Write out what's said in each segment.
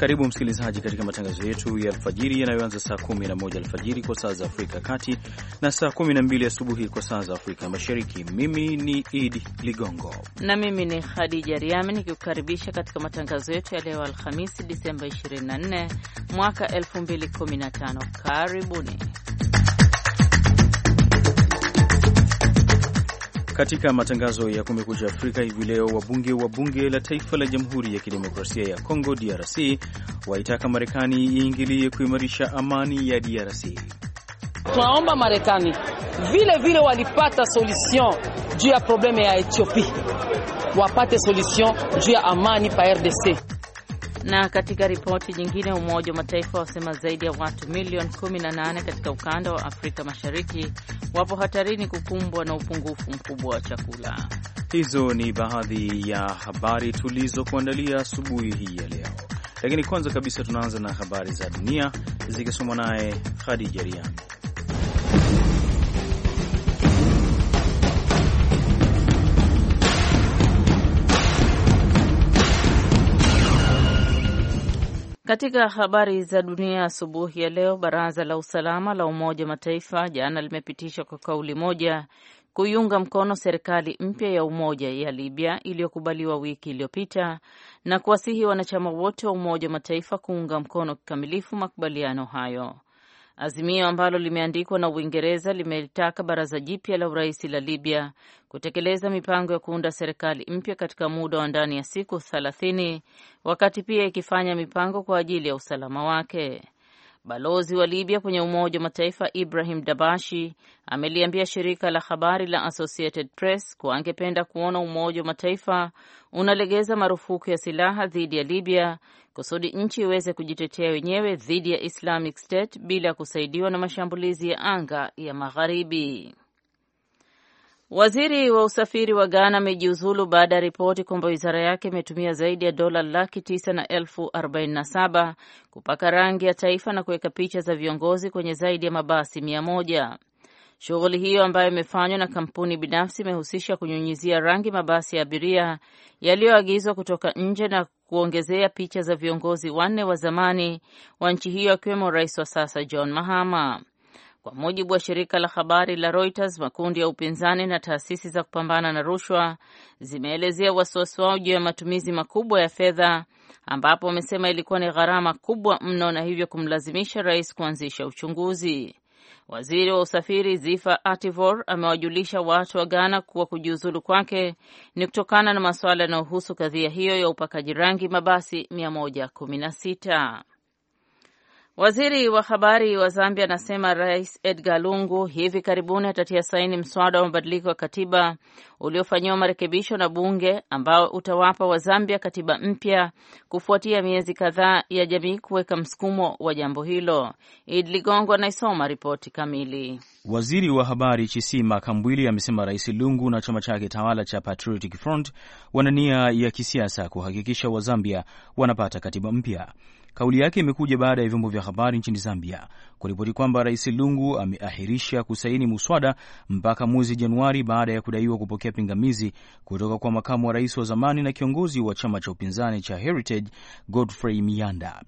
Karibu msikilizaji, katika matangazo yetu ya alfajiri yanayoanza saa 11 alfajiri kwa saa za Afrika ya Kati na saa 12 asubuhi kwa saa za Afrika Mashariki. Mimi ni Idi Ligongo na mimi ni Khadija Riami nikikukaribisha katika matangazo yetu ya leo Alhamisi, Disemba 24 mwaka 2015. Karibuni. Katika matangazo ya Kumekucha Afrika hivi leo, wabunge wa bunge la taifa la Jamhuri ya Kidemokrasia ya Kongo DRC waitaka Marekani iingilie kuimarisha amani ya DRC. Tunaomba Marekani vile vile walipata solution juu ya probleme ya Ethiopia, wapate solution juu ya amani pa RDC. Na katika ripoti nyingine, Umoja wa Mataifa wasema zaidi ya watu milioni 18 katika ukanda wa Afrika Mashariki wapo hatarini kukumbwa na upungufu mkubwa wa chakula. Hizo ni baadhi ya habari tulizokuandalia asubuhi hii ya leo, lakini kwanza kabisa tunaanza na habari za dunia zikisomwa naye Khadija Riami. Katika habari za dunia asubuhi ya leo, baraza la usalama la Umoja wa Mataifa jana limepitisha kwa kauli moja kuiunga mkono serikali mpya ya umoja ya Libya iliyokubaliwa wiki iliyopita na kuwasihi wanachama wote wa Umoja wa Mataifa kuunga mkono kikamilifu makubaliano hayo. Azimio ambalo limeandikwa na Uingereza limelitaka baraza jipya la urais la Libya kutekeleza mipango ya kuunda serikali mpya katika muda wa ndani ya siku 30 wakati pia ikifanya mipango kwa ajili ya usalama wake. Balozi wa Libya kwenye Umoja wa Mataifa Ibrahim Dabashi ameliambia shirika la habari la Associated Press kuwa angependa kuona Umoja wa Mataifa unalegeza marufuku ya silaha dhidi ya Libya kusudi nchi iweze kujitetea wenyewe dhidi ya Islamic State bila kusaidiwa na mashambulizi ya anga ya Magharibi. Waziri wa usafiri wa Ghana amejiuzulu baada ya ripoti kwamba wizara yake imetumia zaidi ya dola laki tisa na elfu arobaini na saba kupaka rangi ya taifa na kuweka picha za viongozi kwenye zaidi ya mabasi mia moja. Shughuli hiyo ambayo imefanywa na kampuni binafsi imehusisha kunyunyizia rangi mabasi ya abiria yaliyoagizwa kutoka nje na kuongezea picha za viongozi wanne wa zamani wa nchi hiyo akiwemo rais wa sasa John Mahama. Kwa mujibu wa shirika la habari la Reuters, makundi ya upinzani na taasisi za kupambana na rushwa zimeelezea wasiwasi wao juu ya matumizi makubwa ya fedha, ambapo wamesema ilikuwa ni gharama kubwa mno na hivyo kumlazimisha rais kuanzisha uchunguzi. Waziri wa usafiri Zifa Ativor amewajulisha watu wa Ghana kuwa kujiuzulu kwake ni kutokana na masuala yanayohusu kadhia hiyo ya upakaji rangi mabasi 116. Waziri wa habari wa Zambia anasema Rais Edgar Lungu hivi karibuni atatia saini mswada wa mabadiliko ya katiba uliofanyiwa marekebisho na bunge ambao utawapa wa Zambia katiba mpya kufuatia miezi kadhaa ya jamii kuweka msukumo wa jambo hilo. Id Ligongo anaisoma ripoti kamili. Waziri wa habari Chisima Kambwili amesema Rais Lungu na chama chake tawala cha Patriotic Front wana nia ya kisiasa kuhakikisha Wazambia wanapata katiba mpya. Kauli yake imekuja baada ya vyombo vya habari nchini Zambia kuripoti kwamba Rais Lungu ameahirisha kusaini muswada mpaka mwezi Januari baada ya kudaiwa kupokea pingamizi kutoka kwa makamu wa rais wa zamani na kiongozi wa chama cha upinzani cha Heritage Godfrey Mianda.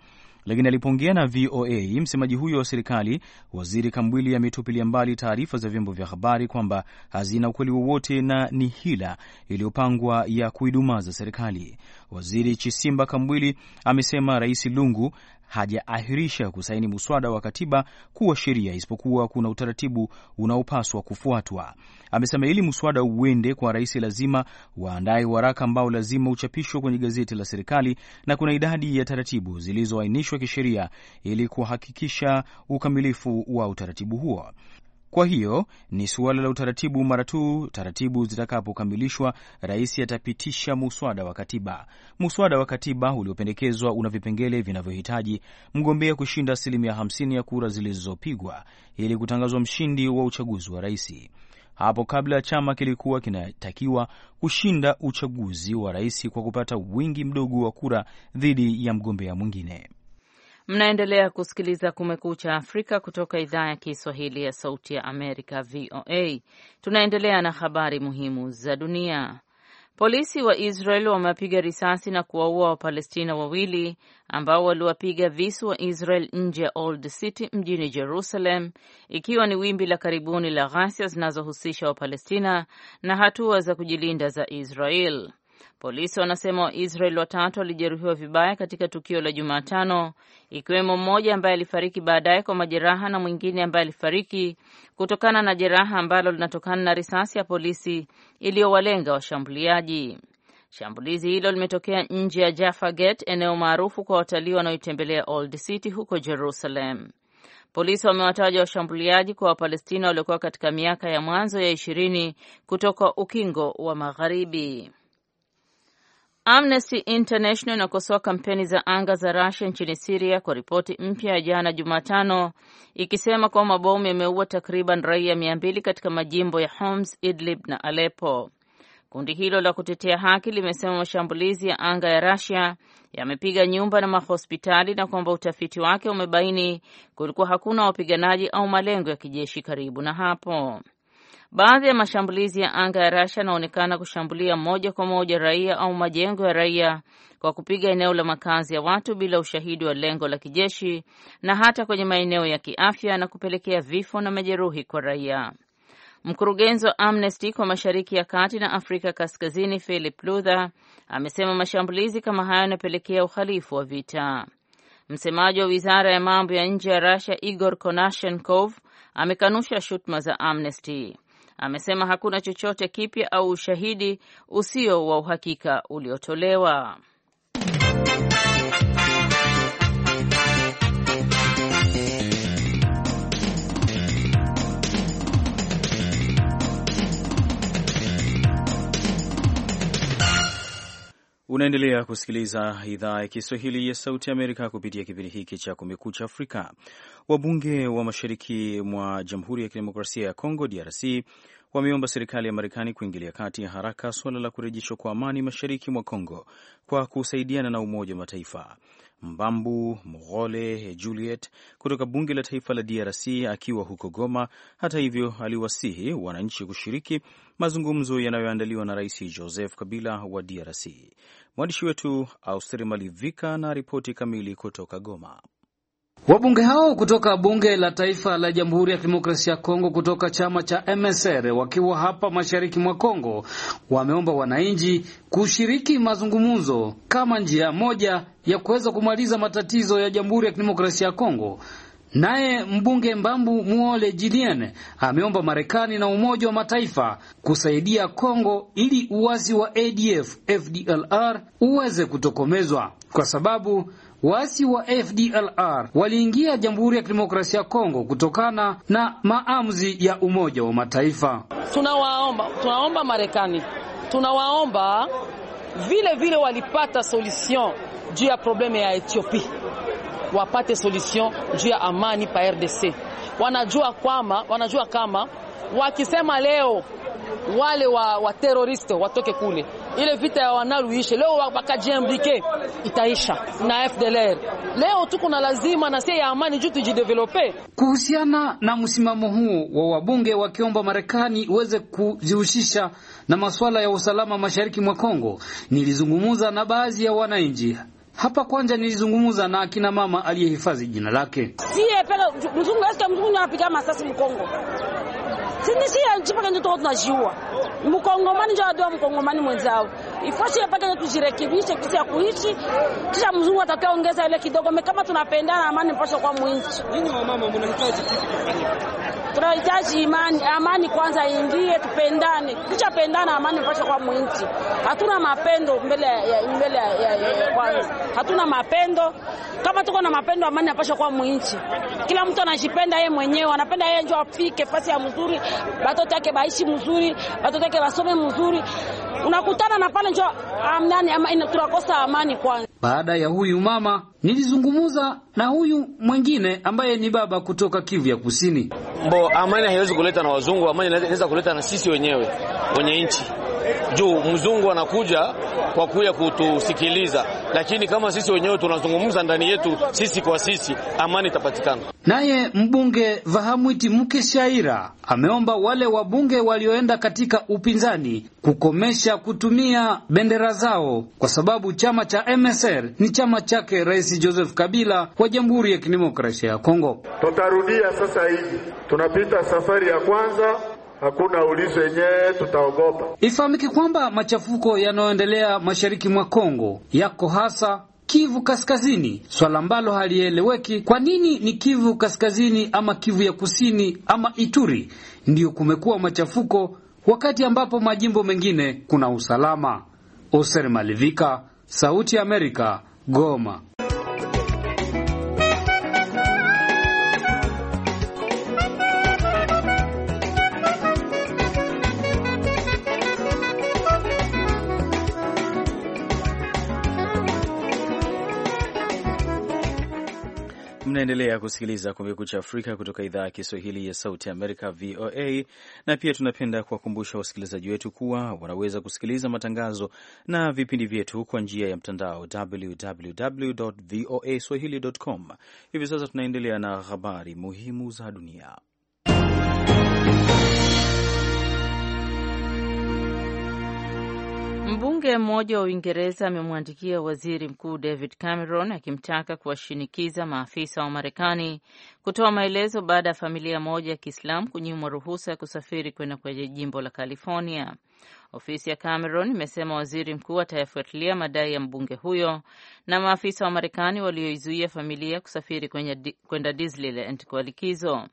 Lakini alipoongea na VOA msemaji huyo wa serikali, waziri Kambwili ametupilia mbali taarifa za vyombo vya habari kwamba hazina ukweli wowote na ni hila iliyopangwa ya kuidumaza serikali. Waziri Chisimba Kambwili amesema Rais Lungu hajaahirisha kusaini muswada wa katiba kuwa sheria, isipokuwa kuna utaratibu unaopaswa kufuatwa. Amesema ili muswada uende kwa rais, lazima waandae waraka ambao lazima uchapishwe kwenye gazeti la serikali, na kuna idadi ya taratibu zilizoainishwa kisheria ili kuhakikisha ukamilifu wa utaratibu huo. Kwa hiyo ni suala la utaratibu. Mara tu taratibu zitakapokamilishwa, rais atapitisha muswada wa katiba. Muswada wa katiba uliopendekezwa una vipengele vinavyohitaji mgombea kushinda asilimia 50 ya kura zilizopigwa ili kutangazwa mshindi wa uchaguzi wa rais. Hapo kabla chama kilikuwa kinatakiwa kushinda uchaguzi wa rais kwa kupata wingi mdogo wa kura dhidi ya mgombea mwingine. Mnaendelea kusikiliza Kumekucha Afrika kutoka idhaa ya Kiswahili ya Sauti ya Amerika, VOA. Tunaendelea na habari muhimu za dunia. Polisi wa Israel wamewapiga risasi na kuwaua Wapalestina wawili ambao waliwapiga visu wa Israel nje ya Old City mjini Jerusalem, ikiwa ni wimbi la karibuni la ghasia zinazohusisha Wapalestina na hatua za kujilinda za Israel. Polisi wanasema waisrael watatu walijeruhiwa vibaya katika tukio la Jumatano, ikiwemo mmoja ambaye alifariki baadaye kwa majeraha na mwingine ambaye alifariki kutokana na jeraha ambalo linatokana na risasi ya polisi iliyowalenga washambuliaji. Shambulizi hilo limetokea nje ya Jaffa Gate, eneo maarufu kwa watalii wanaoitembelea Old City huko Jerusalem. Polisi wamewataja washambuliaji kwa Wapalestina waliokuwa katika miaka ya mwanzo ya ishirini kutoka ukingo wa Magharibi. Amnesty International inakosoa kampeni za anga za Russia nchini Syria kwa ripoti mpya ya jana Jumatano ikisema kwa mabomu yameua takriban raia mia mbili katika majimbo ya Homs, Idlib na Aleppo. Kundi hilo la kutetea haki limesema mashambulizi ya anga ya Russia yamepiga nyumba na mahospitali na kwamba utafiti wake umebaini kulikuwa hakuna wapiganaji au malengo ya kijeshi karibu na hapo. Baadhi ya mashambulizi ya anga ya Russia yanaonekana kushambulia moja kwa moja raia au majengo ya raia kwa kupiga eneo la makazi ya watu bila ushahidi wa lengo la kijeshi na hata kwenye maeneo ya kiafya na kupelekea vifo na majeruhi kwa raia. Mkurugenzi wa Amnesty kwa Mashariki ya Kati na Afrika Kaskazini, Philip Luther, amesema mashambulizi kama hayo yanapelekea uhalifu wa vita. Msemaji wa Wizara ya Mambo ya Nje ya Russia, Igor Konashenkov, amekanusha shutuma za Amnesty amesema hakuna chochote kipya au ushahidi usio wa uhakika uliotolewa. Unaendelea kusikiliza idhaa ya Kiswahili ya Sauti ya Amerika kupitia kipindi hiki cha Kumekucha Afrika. Wabunge wa mashariki mwa Jamhuri ya Kidemokrasia ya Kongo, DRC, wameomba serikali ya Marekani kuingilia kati ya haraka suala la kurejeshwa kwa amani mashariki mwa congo kwa kusaidiana na Umoja wa Mataifa. Mbambu Mghole Juliet kutoka bunge la taifa la DRC akiwa huko Goma, hata hivyo, aliwasihi wananchi kushiriki mazungumzo yanayoandaliwa na Rais Joseph Kabila wa DRC. Mwandishi wetu Austeri Malivika na ripoti kamili kutoka Goma. Wabunge hao kutoka bunge la taifa la Jamhuri ya Kidemokrasia ya Kongo kutoka chama cha MSR wakiwa hapa mashariki mwa Kongo wameomba wananchi kushiriki mazungumzo kama njia moja ya kuweza kumaliza matatizo ya Jamhuri ya Kidemokrasia ya Kongo. Naye mbunge Mbambu Muole Julien ameomba Marekani na Umoja wa Mataifa kusaidia Kongo ili uasi wa ADF FDLR uweze kutokomezwa kwa sababu Waasi wa FDLR waliingia Jamhuri ya Kidemokrasia ya Kongo kutokana na maamuzi ya Umoja wa Mataifa. Tunawaomba, tunaomba Marekani, tunawaomba vile vile walipata solution juu ya probleme ya Ethiopia, wapate solution juu ya amani pa RDC. Wanajua kwama, wanajua kama wakisema leo wale wa, wa teroriste watoke kule, ile vita ya wanaluishe leo, wakajiamblike itaisha na FDLR. Leo tuko na lazima na sie ya amani juu tujidevelope. Kuhusiana na msimamo huo wa wabunge wakiomba Marekani iweze kujihusisha na masuala ya usalama mashariki mwa Kongo, nilizungumza na baadhi ya wananchi hapa kwanza nilizungumza na akina mama aliyehifadhi jina lake. Sie pele mzungu asiye mzungu anapiga masasi mkongo. Sinishia nchi paka ndio tunajua. Mkongomani ndio adoa mkongomani mwenzao. Ifosi yapata ndio tujirekebishe kisi ya kuishi. Kisha mzungu atakayeongeza ile kidogo. Kama tunapendana amani mpasha kwa mwinchi. Ninyi wamama mnahitaji kipi kifanyike? Tunahitaji imani, amani kwanza ingie, tupendane. Kisha pendana, amani mpasha kwa mwinchi. Hatuna mapendo mbele ya mbele ya kwanza. Hatuna mapendo. Kama tuko na mapendo, amani mpasha kwa mwinchi. Kila mtu anajipenda yeye mwenyewe, anapenda yeye ndio afike fasi ya mzuri batoto yake baishi mzuri, batoto yake basome mzuri. Unakutana na pale njo amani, ama tunakosa amani kwanza. Baada ya huyu mama nilizungumza na huyu mwingine ambaye ni baba kutoka Kivu ya Kusini. Bo, amani haiwezi kuleta na wazungu, amani inaweza kuleta na sisi wenyewe wenye nchi juu mzungu anakuja kwa kuja kutusikiliza, lakini kama sisi wenyewe tunazungumza ndani yetu sisi kwa sisi, amani itapatikana. Naye mbunge Vahamwiti shaira ameomba wale wabunge walioenda katika upinzani kukomesha kutumia bendera zao kwa sababu chama cha MSR ni chama chake Rais Joseph Kabila wa Jamhuri ya Kidemokrasia ya Kongo. Tutarudia sasa hivi, tunapita safari ya kwanza hakuna ulizo yenyewe tutaogopa. Ifahamike kwamba machafuko yanayoendelea mashariki mwa Kongo yako hasa Kivu Kaskazini, swala ambalo halieleweki. Kwa nini ni Kivu Kaskazini ama Kivu ya Kusini ama Ituri ndiyo kumekuwa machafuko, wakati ambapo majimbo mengine kuna usalama? Oser Malivika, Sauti ya Amerika, Goma. Unaendelea kusikiliza Kumekucha Afrika kutoka idhaa ya Kiswahili ya Sauti ya Amerika, VOA. Na pia tunapenda kuwakumbusha wasikilizaji wetu kuwa wanaweza kusikiliza matangazo na vipindi vyetu kwa njia ya mtandao www voa swahili.com. Hivi sasa tunaendelea na habari muhimu za dunia. Mbunge mmoja wa Uingereza amemwandikia waziri mkuu David Cameron akimtaka kuwashinikiza maafisa wa Marekani kutoa maelezo baada ya familia moja ya Kiislamu kunyimwa ruhusa ya kusafiri kwenda kwenye jimbo la California. Ofisi ya Cameron imesema waziri mkuu atayafuatilia madai ya mbunge huyo na maafisa wa Marekani walioizuia familia kusafiri kwenda Disneyland kwa likizo.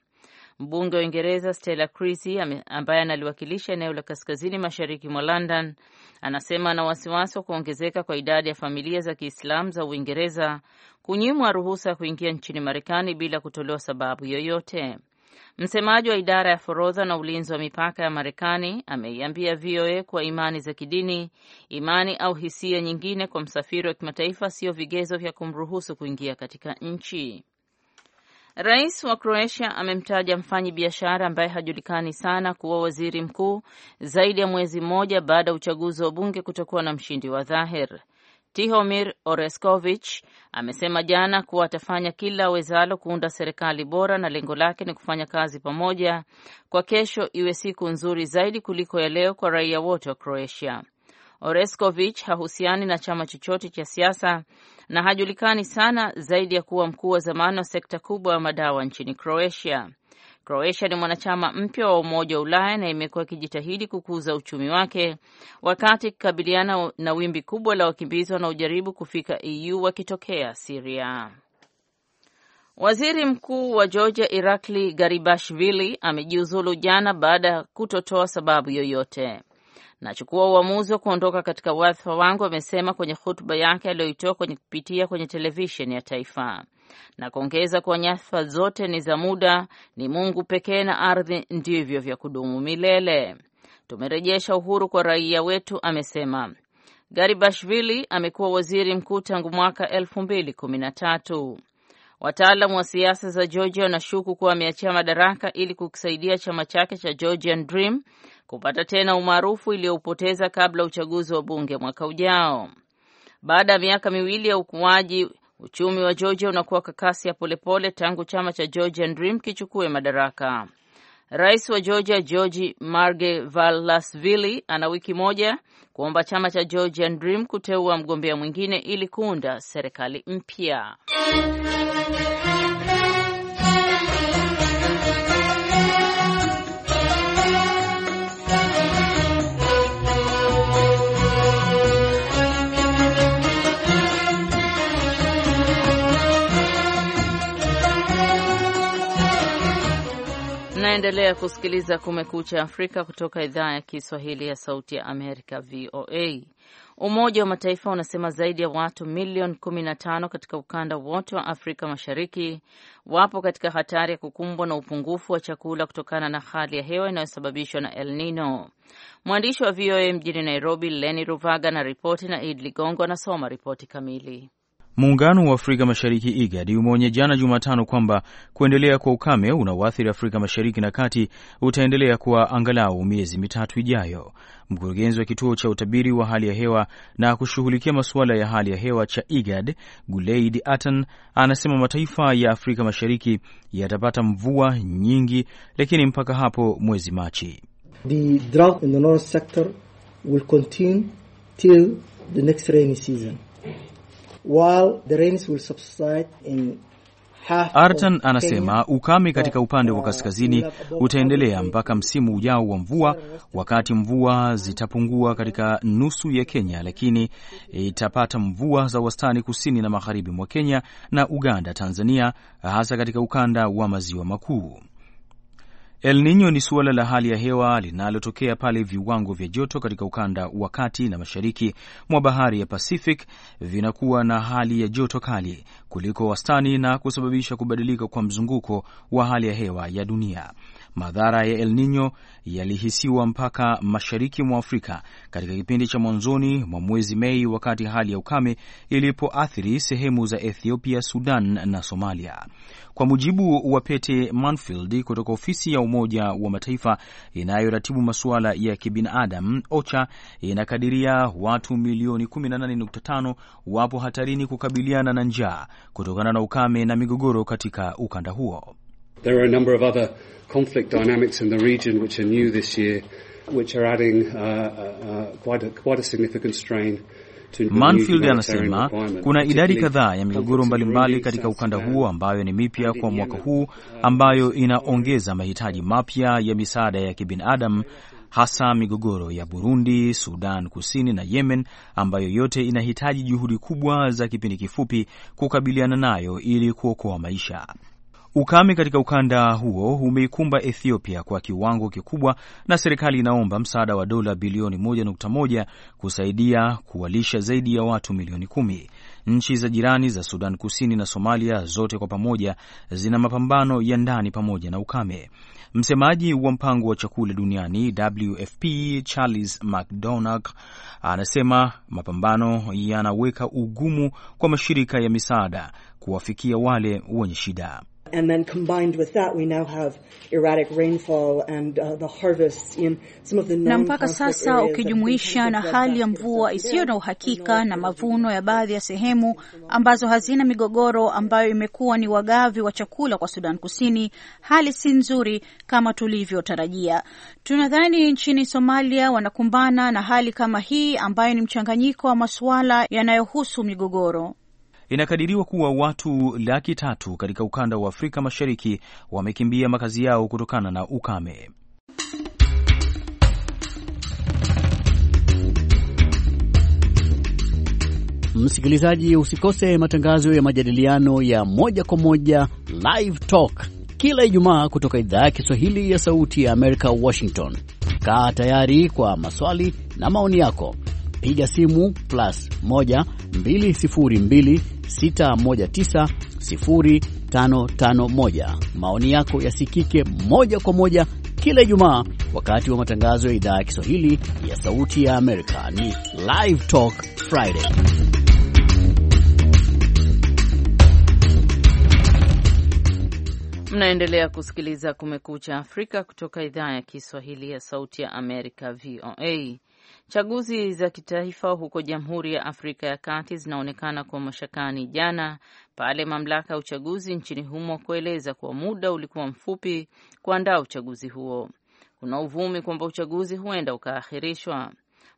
Mbunge wa Uingereza Stella Creasy ambaye analiwakilisha eneo la kaskazini mashariki mwa London anasema ana wasiwasi wa kuongezeka kwa idadi ya familia za Kiislamu za Uingereza kunyimwa ruhusa ya kuingia nchini Marekani bila kutolewa sababu yoyote. Msemaji wa idara ya forodha na ulinzi wa mipaka ya Marekani ameiambia VOA kuwa imani za kidini, imani au hisia nyingine kwa msafiri wa kimataifa siyo vigezo vya kumruhusu kuingia katika nchi. Rais wa Croatia amemtaja mfanyi biashara ambaye hajulikani sana kuwa waziri mkuu zaidi ya mwezi mmoja baada ya uchaguzi wa bunge kutokuwa na mshindi wa dhahir. Tihomir Oreskovic amesema jana kuwa atafanya kila awezalo kuunda serikali bora na lengo lake ni kufanya kazi pamoja kwa kesho iwe siku nzuri zaidi kuliko ya leo kwa raia wote wa Croatia. Oreskovich hahusiani na chama chochote cha siasa na hajulikani sana zaidi ya kuwa mkuu wa zamani wa sekta kubwa ya madawa nchini Croatia. Croatia ni mwanachama mpya wa Umoja wa Ulaya na imekuwa ikijitahidi kukuza uchumi wake wakati ikikabiliana na wimbi kubwa la wakimbizi wanaojaribu kufika EU wakitokea Siria. Waziri Mkuu wa Georgia Irakli Garibashvili amejiuzulu jana baada ya kutotoa sababu yoyote nachukua uamuzi wa kuondoka katika wadhifa wangu, amesema kwenye hutuba yake aliyoitoa kwenye kupitia kwenye televisheni ya taifa, na kuongeza kuwa nyadhifa zote ni za muda, ni Mungu pekee na ardhi ndivyo vya kudumu milele. Tumerejesha uhuru kwa raia wetu, amesema. Garibashvili amekuwa waziri mkuu tangu mwaka elfu mbili kumi na tatu. Wataalamu wa siasa za Georgia wanashuku kuwa ameachia madaraka ili kukisaidia chama chake cha Georgian Dream kupata tena umaarufu iliyoupoteza kabla uchaguzi wa bunge mwaka ujao. Baada ya miaka miwili ya ukuaji, uchumi wa Georgia unakuwa kwa kasi ya polepole tangu chama cha Georgian Dream kichukue madaraka. Rais wa Georgia marge Margvelasvili ana wiki moja kuomba chama cha Georgian Dream kuteua mgombea mwingine ili kuunda serikali mpya. Unaendelea kusikiliza Kumekucha Afrika kutoka idhaa ya Kiswahili ya Sauti ya Amerika, VOA. Umoja wa Mataifa unasema zaidi ya watu milioni 15 katika ukanda wote wa Afrika Mashariki wapo katika hatari ya kukumbwa na upungufu wa chakula kutokana na hali ya hewa inayosababishwa na El Nino. Mwandishi wa VOA mjini Nairobi, Leni Ruvaga na ripoti, na Id Ligongo anasoma ripoti kamili. Muungano wa Afrika Mashariki IGAD umeonya jana Jumatano kwamba kuendelea kwa ukame unaoathiri Afrika Mashariki na Kati utaendelea kwa angalau miezi mitatu ijayo. Mkurugenzi wa kituo cha utabiri wa hali ya hewa na kushughulikia masuala ya hali ya hewa cha IGAD Guleid Atan anasema mataifa ya Afrika Mashariki yatapata mvua nyingi, lakini mpaka hapo mwezi Machi. The drought in the north sector will continue till the next rainy season while the rains will subside in Artan anasema ukame katika upande wa kaskazini utaendelea mpaka msimu ujao wa mvua, wakati mvua zitapungua katika nusu ya Kenya, lakini itapata mvua za wastani kusini na magharibi mwa Kenya na Uganda, Tanzania, hasa katika ukanda wa maziwa makuu. El Nino ni suala la hali ya hewa linalotokea pale viwango vya joto katika ukanda wa kati na mashariki mwa bahari ya Pacific vinakuwa na hali ya joto kali kuliko wastani na kusababisha kubadilika kwa mzunguko wa hali ya hewa ya dunia. Madhara ya El Nino yalihisiwa mpaka mashariki mwa Afrika katika kipindi cha mwanzoni mwa mwezi Mei, wakati hali ya ukame ilipoathiri sehemu za Ethiopia, Sudan na Somalia. Kwa mujibu wa Pete Manfield kutoka ofisi ya Umoja wa Mataifa inayoratibu masuala ya kibinadamu, OCHA inakadiria watu milioni 18.5 wapo hatarini kukabiliana na njaa kutokana na ukame na migogoro katika ukanda huo. There are a number of other conflict dynamics in the region which are new this year, which are adding uh, uh, uh quite, a, quite a significant strain Manfield anasema kuna idadi kadhaa ya migogoro mbalimbali katika ukanda huo ambayo ni mipya kwa mwaka huu uh, ambayo inaongeza mahitaji mapya ya misaada ya kibinadamu hasa migogoro ya Burundi, Sudan Kusini na Yemen ambayo yote inahitaji juhudi kubwa za kipindi kifupi kukabiliana nayo ili kuokoa maisha. Ukame katika ukanda huo umeikumba Ethiopia kwa kiwango kikubwa, na serikali inaomba msaada wa dola bilioni 1.1 kusaidia kuwalisha zaidi ya watu milioni kumi. Nchi za jirani za Sudan Kusini na Somalia zote kwa pamoja zina mapambano ya ndani pamoja na ukame. Msemaji wa mpango wa chakula duniani WFP Charles McDonagh anasema mapambano yanaweka ugumu kwa mashirika ya misaada kuwafikia wale wenye shida. And then combined with that, we now have erratic rainfall and, uh, the harvests in some of the na mpaka sasa ukijumuisha na hali ya mvua isiyo na uhakika na mavuno ya baadhi ya sehemu ambazo hazina migogoro ambayo imekuwa ni wagavi wa chakula kwa Sudan Kusini, hali si nzuri kama tulivyotarajia. Tunadhani nchini Somalia wanakumbana na hali kama hii ambayo ni mchanganyiko wa masuala yanayohusu migogoro. Inakadiriwa kuwa watu laki tatu katika ukanda wa Afrika Mashariki wamekimbia makazi yao kutokana na ukame. Msikilizaji, usikose matangazo ya majadiliano ya moja kwa moja Live Talk kila Ijumaa kutoka idhaa ya Kiswahili ya Sauti ya Amerika, Washington. Kaa tayari kwa maswali na maoni yako, piga simu plus 1 202 619 Maoni yako yasikike moja kwa moja kila Ijumaa wakati wa matangazo ya idhaa ya Kiswahili ya Sauti ya Amerika. Ni Live Talk Friday. Mnaendelea kusikiliza Kumekucha Afrika kutoka idhaa ya Kiswahili ya Sauti ya Amerika, VOA. Chaguzi za kitaifa huko Jamhuri ya Afrika ya Kati zinaonekana kwa mashakani jana pale mamlaka ya uchaguzi nchini humo kueleza kuwa muda ulikuwa mfupi kuandaa uchaguzi huo. Kuna uvumi kwamba uchaguzi huenda ukaahirishwa.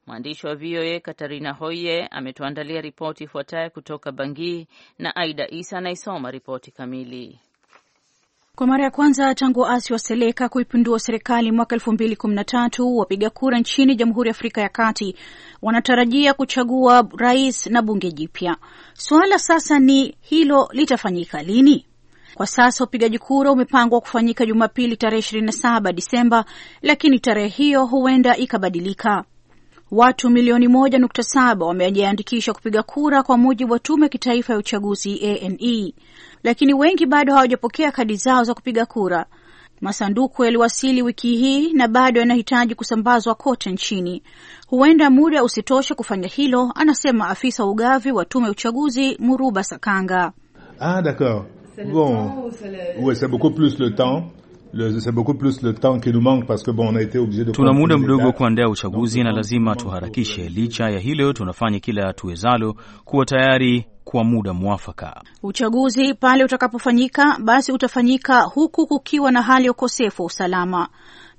Mwandishi wa VOA Katarina Hoye ametuandalia ripoti ifuatayo kutoka Bangui na Aida Isa anaisoma ripoti kamili. Kwa mara ya kwanza tangu waasi wa Seleka kuipindua serikali mwaka elfu mbili kumi na tatu wapiga kura nchini Jamhuri ya Afrika ya Kati wanatarajia kuchagua rais na bunge jipya. Suala sasa ni hilo litafanyika lini? Kwa sasa upigaji kura umepangwa kufanyika Jumapili tarehe 27 Disemba, lakini tarehe hiyo huenda ikabadilika. Watu milioni moja nukta saba wamejiandikisha kupiga kura kwa mujibu wa tume ya kitaifa ya uchaguzi ANE, lakini wengi bado hawajapokea kadi zao za kupiga kura. Masanduku yaliwasili wiki hii na bado yanahitaji kusambazwa kote nchini. Huenda muda usitoshe kufanya hilo, anasema afisa wa ugavi wa tume ya uchaguzi Muruba Sakanga. Ah, d'accord bon c'est beaucoup plus le temps c'est beaucoup plus le temps qui nous manque parce que bon, on a été obligé de tuna muda mdogo kuandaa uchaguzi na lazima tuharakishe. Licha ya hilo, tunafanya kila tuwezalo kuwa tayari kwa muda mwafaka. Uchaguzi pale utakapofanyika, basi utafanyika huku kukiwa na hali ya ukosefu wa usalama.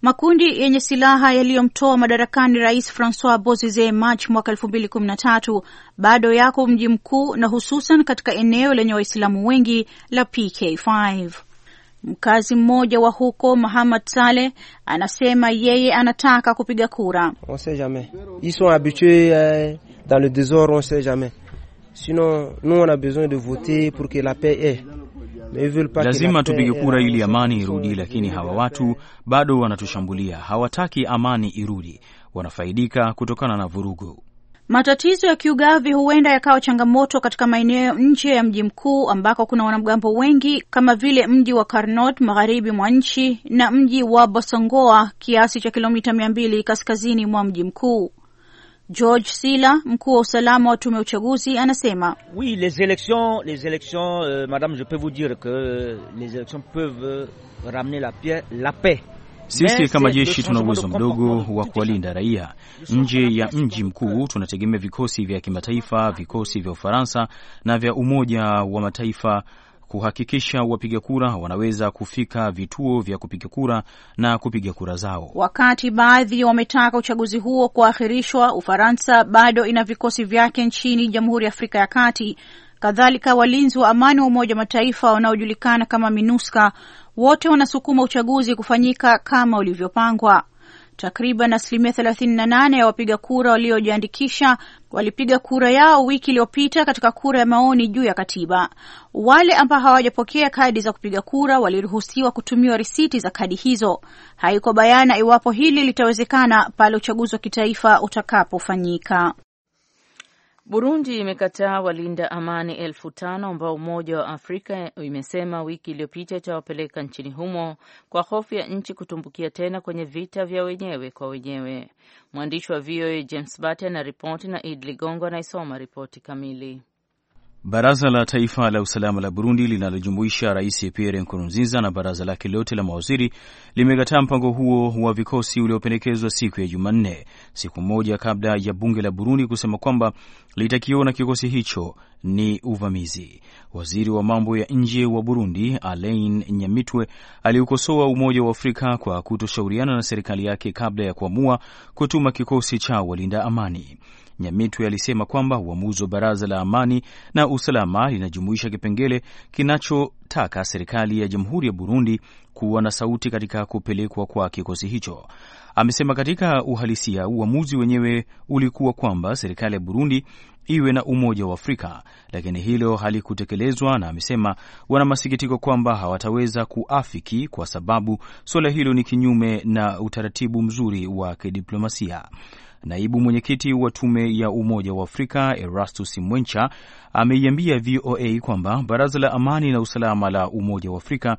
Makundi yenye silaha yaliyomtoa madarakani Rais Francois Bozize Machi mwaka elfu mbili kumi na tatu bado yako mji mkuu na hususan katika eneo lenye Waislamu wengi la PK5. Mkazi mmoja wa huko Muhammad Saleh anasema yeye anataka kupiga kura. Lazima tupige kura ili amani irudi, lakini hawa watu bado wanatushambulia. Hawataki amani irudi, wanafaidika kutokana na vurugu. Matatizo ya kiugavi huenda yakawa changamoto katika maeneo nje ya mji mkuu ambako kuna wanamgambo wengi kama vile mji wa Karnot magharibi mwa nchi na mji wa Bosongoa kiasi cha kilomita mia mbili kaskazini mwa mji mkuu. George Sila, mkuu wa usalama wa tume ya uchaguzi, anasema oui, les elections, les elections, euh, madame, je peux vous dire que euh, les elections peuvent euh, ramener la paix, la paix sisi kama jeshi tuna uwezo mdogo wa kuwalinda raia nje ya mji mkuu. Tunategemea vikosi vya kimataifa, vikosi vya Ufaransa na vya Umoja wa Mataifa kuhakikisha wapiga kura wanaweza kufika vituo vya kupiga kura na kupiga kura zao. Wakati baadhi wametaka uchaguzi huo kuahirishwa, Ufaransa bado ina vikosi vyake nchini Jamhuri ya Afrika ya Kati. Kadhalika, walinzi wa amani wa Umoja wa Mataifa wanaojulikana kama minuska wote wanasukuma uchaguzi kufanyika kama ulivyopangwa. Takriban asilimia 38 ya wapiga kura waliojiandikisha walipiga kura yao wiki iliyopita katika kura ya maoni juu ya katiba. Wale ambao hawajapokea kadi za kupiga kura waliruhusiwa kutumiwa risiti za kadi hizo. Haiko bayana iwapo hili litawezekana pale uchaguzi wa kitaifa utakapofanyika. Burundi imekataa walinda amani elfu tano ambao Umoja wa Afrika imesema wiki iliyopita itawapeleka nchini humo kwa hofu ya nchi kutumbukia tena kwenye vita vya wenyewe kwa wenyewe. Mwandishi wa VOA James Bate anaripoti na, na Id Ligongo anaisoma ripoti kamili. Baraza la Taifa la Usalama la Burundi linalojumuisha Rais Pierre Nkurunziza na baraza lake lote la mawaziri limekataa mpango huo wa vikosi uliopendekezwa siku ya Jumanne, siku moja kabla ya bunge la Burundi kusema kwamba litakiona kikosi hicho ni uvamizi. Waziri wa mambo ya nje wa Burundi Alain Nyamitwe aliukosoa Umoja wa Afrika kwa kutoshauriana na serikali yake kabla ya kuamua kutuma kikosi cha walinda amani. Nyamitwe alisema kwamba uamuzi wa Baraza la Amani na Usalama linajumuisha kipengele kinachotaka serikali ya Jamhuri ya Burundi kuwa na sauti katika kupelekwa kwa kikosi hicho. Amesema katika uhalisia uamuzi wenyewe ulikuwa kwamba serikali ya Burundi iwe na Umoja wa Afrika, lakini hilo halikutekelezwa, na amesema wana masikitiko kwamba hawataweza kuafiki kwa sababu suala hilo ni kinyume na utaratibu mzuri wa kidiplomasia. Naibu mwenyekiti wa tume ya Umoja wa Afrika Erastus Mwencha ameiambia VOA kwamba Baraza la Amani na Usalama la Umoja wa Afrika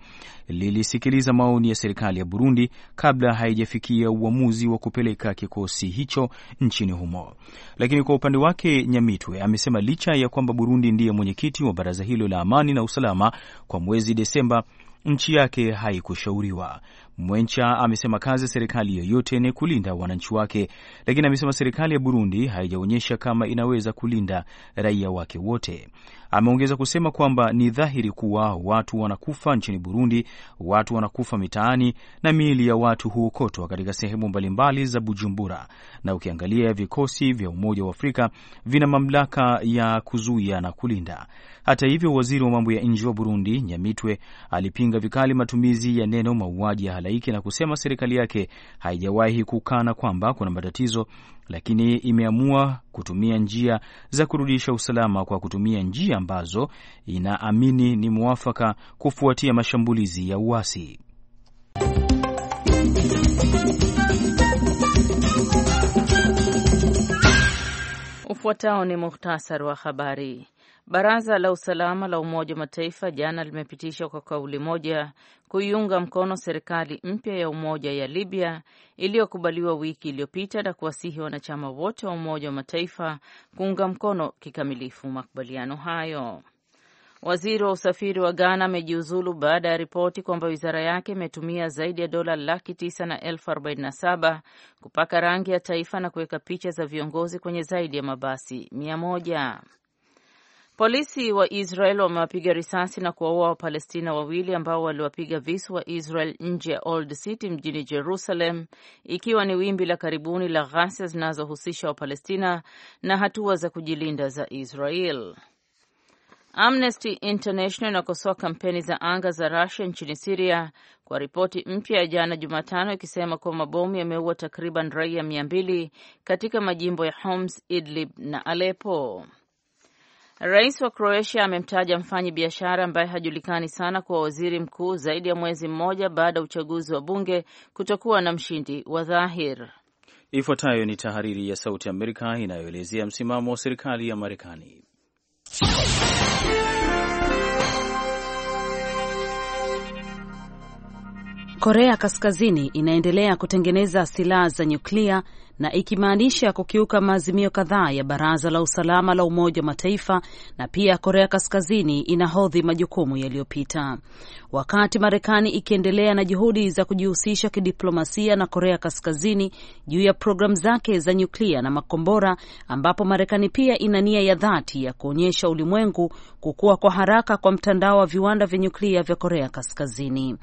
lilisikiliza maoni ya serikali ya Burundi kabla haijafikia uamuzi wa kupeleka kikosi hicho nchini humo. Lakini kwa upande wake, Nyamitwe amesema licha ya kwamba Burundi ndiye mwenyekiti wa baraza hilo la amani na usalama kwa mwezi Desemba, nchi yake haikushauriwa. Mwencha amesema kazi ya serikali yoyote ni kulinda wananchi wake, lakini amesema serikali ya Burundi haijaonyesha kama inaweza kulinda raia wake wote. Ameongeza kusema kwamba ni dhahiri kuwa watu wanakufa nchini Burundi, watu wanakufa mitaani na miili ya watu huokotwa katika sehemu mbalimbali za Bujumbura, na ukiangalia vikosi vya Umoja wa Afrika vina mamlaka ya kuzuia na kulinda. Hata hivyo, waziri wa mambo ya nje wa Burundi Nyamitwe alipinga vikali matumizi ya neno mauaji ya halaiki na kusema serikali yake haijawahi kukana kwamba kuna matatizo, lakini imeamua kutumia njia za kurudisha usalama kwa kutumia njia ambazo inaamini ni mwafaka kufuatia mashambulizi ya uasi. Ufuatao ni muhtasari wa habari. Baraza la usalama la Umoja wa Mataifa jana limepitisha kwa kauli moja kuiunga mkono serikali mpya ya umoja ya Libya iliyokubaliwa wiki iliyopita na kuwasihi wanachama wote wa Umoja wa Mataifa kuunga mkono kikamilifu makubaliano hayo. Waziri wa usafiri wa Ghana amejiuzulu baada ya ripoti kwamba wizara yake imetumia zaidi ya dola laki tisa na elfu arobaini na saba kupaka rangi ya taifa na kuweka picha za viongozi kwenye zaidi ya mabasi mia moja. Polisi wa Israel wamewapiga risasi na kuwaua Wapalestina wawili ambao waliwapiga visu wa Israel nje ya Old City mjini Jerusalem, ikiwa ni wimbi la karibuni la ghasia zinazohusisha Wapalestina na hatua za kujilinda za Israel. Amnesty International inakosoa kampeni za anga za Russia nchini Syria kwa ripoti mpya ya jana Jumatano ikisema kuwa mabomu yameua takriban raia mia mbili katika majimbo ya Homs, Idlib na Aleppo. Rais wa Croatia amemtaja mfanyi biashara ambaye hajulikani sana kuwa waziri mkuu zaidi ya mwezi mmoja baada ya uchaguzi wa bunge kutokuwa na mshindi wa dhahir. Ifuatayo ni tahariri ya Sauti Amerika inayoelezea msimamo wa serikali ya Marekani. Korea Kaskazini inaendelea kutengeneza silaha za nyuklia na ikimaanisha kukiuka maazimio kadhaa ya Baraza la Usalama la Umoja wa Mataifa, na pia Korea Kaskazini inahodhi majukumu yaliyopita. Wakati Marekani ikiendelea na juhudi za kujihusisha kidiplomasia na Korea Kaskazini juu ya programu zake za nyuklia na makombora, ambapo Marekani pia ina nia ya dhati ya kuonyesha ulimwengu kukua kwa haraka kwa mtandao wa viwanda vya nyuklia vya Korea Kaskazini.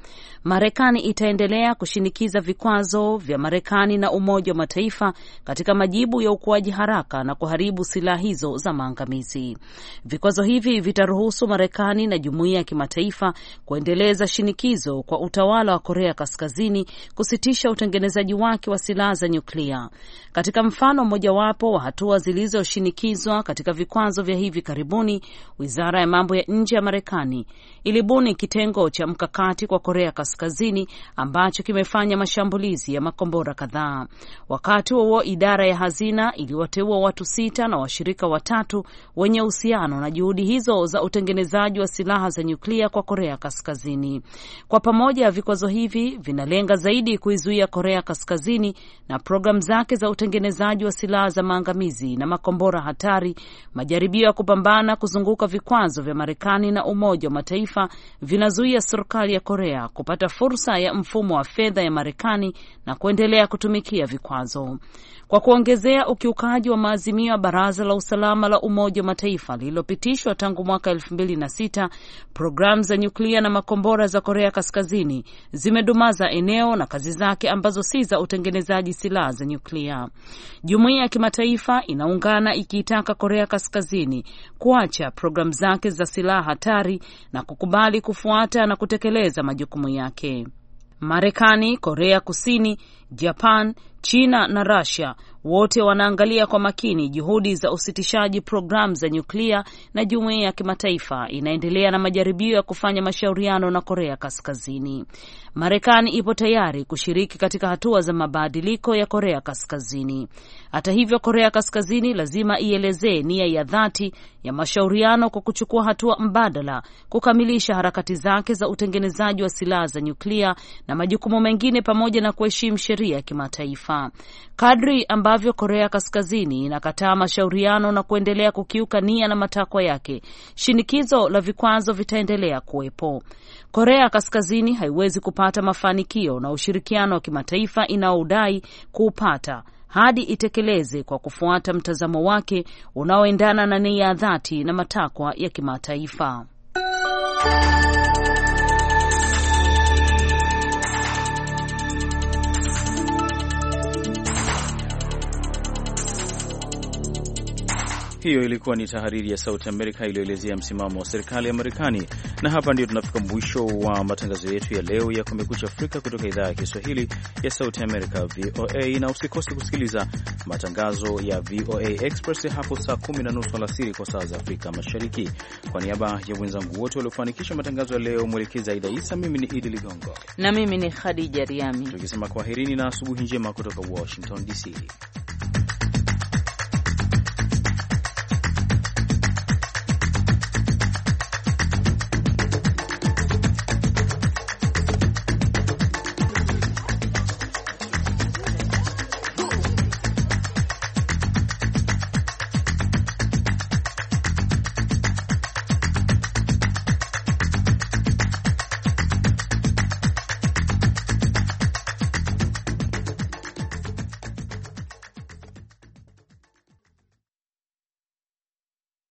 Marekani itaendelea kushinikiza vikwazo vya Marekani na Umoja wa Mataifa katika majibu ya ukuaji haraka na kuharibu silaha hizo za maangamizi. Vikwazo hivi vitaruhusu Marekani na jumuiya ya kimataifa kuendeleza shinikizo kwa utawala wa Korea Kaskazini kusitisha utengenezaji wake wa silaha za nyuklia. Katika mfano mmojawapo wa hatua zilizoshinikizwa katika vikwazo vya hivi karibuni, wizara ya mambo ya nje ya Marekani ilibuni kitengo cha mkakati kwa Korea Kaskazini ambacho kimefanya mashambulizi ya makombora kadhaa wakati huo, idara ya hazina iliwateua watu sita na washirika watatu wenye uhusiano na juhudi hizo za utengenezaji wa silaha za nyuklia kwa Korea Kaskazini. Kwa pamoja, vikwazo hivi vinalenga zaidi kuizuia Korea Kaskazini na programu zake za utengenezaji wa silaha za maangamizi na makombora hatari, majaribio ya kupambana kuzunguka vikwazo vya Marekani na Umoja wa Mataifa vinazuia serikali ya Korea kupata fursa ya mfumo wa fedha ya Marekani na kuendelea kutumikia vikwazo kwa kuongezea ukiukaji wa maazimio ya Baraza la Usalama la Umoja wa Mataifa lililopitishwa tangu mwaka elfu mbili na sita. Programu za nyuklia na makombora za Korea Kaskazini zimedumaza eneo na kazi zake ambazo si za utengenezaji silaha za nyuklia. Jumuiya ya kimataifa inaungana ikiitaka Korea Kaskazini kuacha programu zake za silaha hatari na kukubali kufuata na kutekeleza majukumu yake. Marekani, Korea Kusini, Japan, China na Russia wote wanaangalia kwa makini juhudi za usitishaji programu za nyuklia na jumuiya ya kimataifa inaendelea na majaribio ya kufanya mashauriano na Korea Kaskazini. Marekani ipo tayari kushiriki katika hatua za mabadiliko ya Korea Kaskazini. Hata hivyo, Korea Kaskazini lazima ielezee nia ya dhati ya mashauriano kwa kuchukua hatua mbadala kukamilisha harakati zake za utengenezaji wa silaha za nyuklia na majukumu mengine pamoja na kuheshimu sheria ya kimataifa. Kadri ambavyo ambavyo Korea Kaskazini inakataa mashauriano na kuendelea kukiuka nia na matakwa yake, shinikizo la vikwazo vitaendelea kuwepo. Korea Kaskazini haiwezi kupata mafanikio na ushirikiano wa kimataifa inaodai kuupata hadi itekeleze kwa kufuata mtazamo wake unaoendana na nia ya dhati na matakwa ya kimataifa. Hiyo ilikuwa ni tahariri ya Sauti Amerika iliyoelezea msimamo wa serikali ya Marekani. Na hapa ndio tunafika mwisho wa matangazo yetu ya leo ya Kumekucha Afrika kutoka idhaa ya Kiswahili ya Sauti Amerika, VOA. Na usikose kusikiliza matangazo ya VOA Express hapo saa kumi na nusu alasiri kwa saa za Afrika Mashariki. Kwa niaba ya wenzangu wote waliofanikisha matangazo ya leo, mwelekezi Aida Isa, mimi ni Idi Ligongo na mimi ni Khadija Riami, tukisema kwaherini na asubuhi njema kutoka Washington DC.